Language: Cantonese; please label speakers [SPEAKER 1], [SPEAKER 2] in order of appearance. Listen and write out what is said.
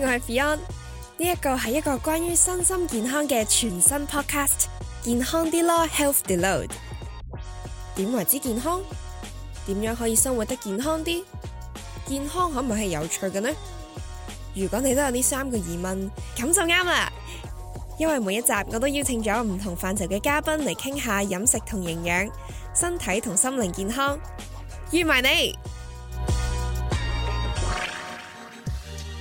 [SPEAKER 1] 我係 Fion，呢一個係一個關於身心健康嘅全新 podcast，健康啲咯，Health D-load。點為之健康？點樣可以生活得健康啲？健康可唔可以係有趣嘅呢？如果你都有呢三個疑問，咁就啱啦。因為每一集我都邀請咗唔同範疇嘅嘉賓嚟傾下飲食同營養、身體同心靈健康。預埋你。